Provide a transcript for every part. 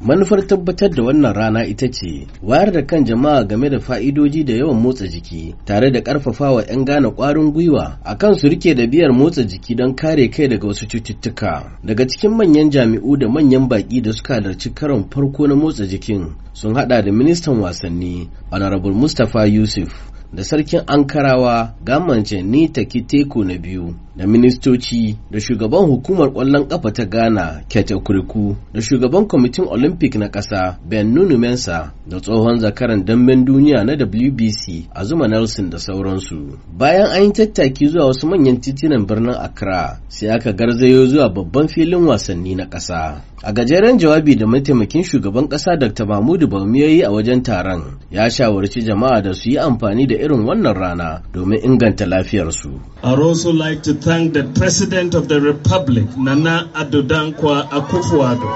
manufar tabbatar da wannan rana ita ce wayar da kan jama'a game da fa'idoji da yawan motsa jiki tare da ƙarfafawa 'yan gane ƙwarin gwiwa a kan su rike da biyar motsa jiki don kare kai daga wasu cututtuka daga cikin manyan jami'u da manyan baƙi da suka halarci karon farko na motsa jikin sun haɗa da ministan wasanni honorable mustapha yusuf da sarkin ankarawa gamance ni takiteko na biyu da ministoci da shugaban hukumar kwallon kafa ta ghana kete kuriku da shugaban kwamitin olympic na ƙasa ben nunu mensa da tsohon zakaran damben duniya na wbc azuma nelson da sauransu bayan an yi tattaki zuwa wasu manyan titunan birnin accra sai aka garzayo zuwa babban filin wasanni na ƙasa a gajeren jawabi da mataimakin shugaban ƙasa dr mahmudu yi a wajen taron ya shawarci jama'a da su yi amfani da irin wannan rana domin inganta lafiyarsu. I thank the President of the Republic, Nana Adodankwa Akufo-Addo,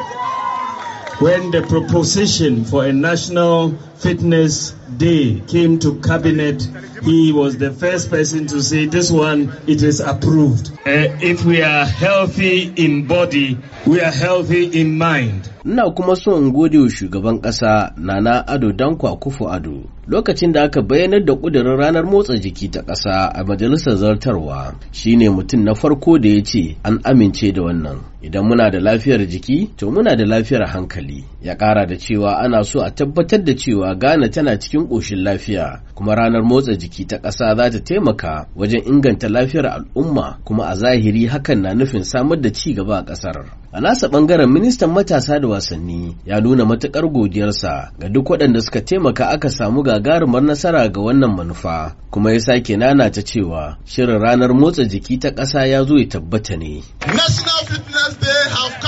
when the proposition for a national Fitness Day came to cabinet, he was the first person to say, This one, it is approved. Uh, if we are healthy in body, we are healthy in mind. Ina kuma son in gode wa shugaban ƙasa Nana Ado Dankwa Kufu Ado lokacin da aka bayyanar da ƙudurin ranar motsa jiki ta ƙasa a majalisar zartarwa shine mutum na farko da ya ce an amince da wannan. Idan muna da lafiyar jiki, to muna da lafiyar hankali. Ya ƙara da cewa ana so a tabbatar da cewa Ghana tana cikin ƙoshin lafiya kuma ranar motsa jiki ta ƙasa za ta taimaka wajen inganta lafiyar al'umma kuma a zahiri hakan na nufin samar da ci gaba a ƙasar. A nasa ɓangaren ministan matasa da wasanni ya nuna matuƙar godiyarsa ga duk waɗanda suka taimaka aka samu gagarumar nasara ga wannan manufa kuma ya sake nana ta cewa shirin ranar motsa jiki ta ƙasa ya zo ya tabbata ne. National Fitness Day have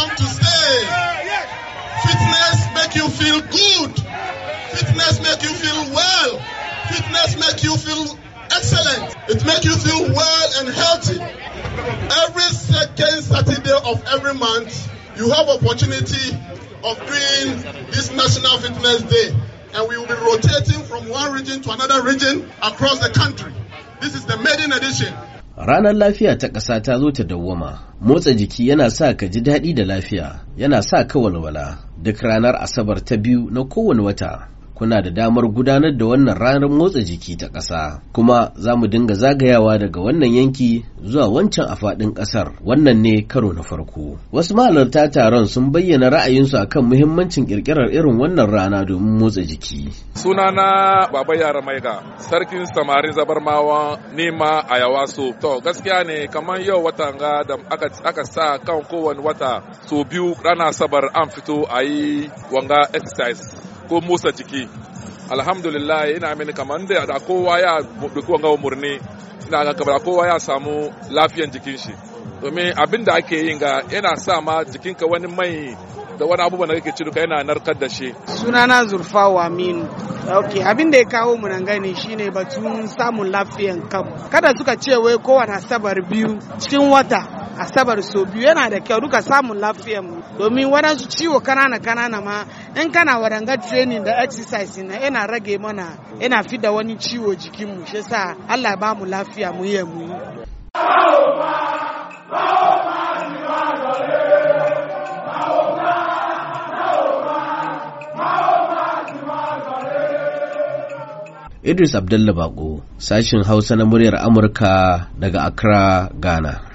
you feel excellent. It makes you feel well and healthy. Every second Saturday of every month, you have opportunity of doing this National Fitness Day. And we will be rotating from one region to another region across the country. This is the maiden edition. Ranar lafiya ta ƙasa ta zo ta dawwama. Motsa jiki yana sa ka ji daɗi da lafiya, yana sa ka walwala duk ranar Asabar ta biyu na kowane wata. kuna da damar gudanar da wannan ranar motsa jiki ta ƙasa kuma za mu dinga zagayawa daga wannan yanki zuwa wancan a faɗin ƙasar wannan ne karo na farko wasu mahalarta taron sun bayyana ra'ayinsu akan muhimmancin ƙirƙirar irin wannan rana domin motsa jiki sunana baba yara maiga sarkin samarin zabarmawa nema a yawaso to gaskiya ne kamar yau watan ga da aka sa kan kowane wata sau biyu rana sabar an fito a yi wanga exercise ko motsa jiki alhamdulillah ina mini kamar da da kowa ya duki wanga umurni ina ga kamar kowa ya samu lafiyan jikin shi domin abin da ake yin ga yana sa ma jikinka wani mai da wani abubuwan da kake ci duka yana narkar da shi sunana zurfawa aminu ok abin da ya kawo mu nan gani shine batun samun lafiyan kanmu kada suka ce wai kowane asabar biyu cikin wata asabar so biyu yana da kyau duka samun lafiyan mu domin waɗansu ciwo kanana kanana ma in kana waranga training da exercise na yana rage mana yana fida wani ciwo jikinmu shi sa Allah ba mu lafiya mu yi mu yi Idris Abdullah Bako, sashin Hausa na muryar Amurka daga Accra, Ghana.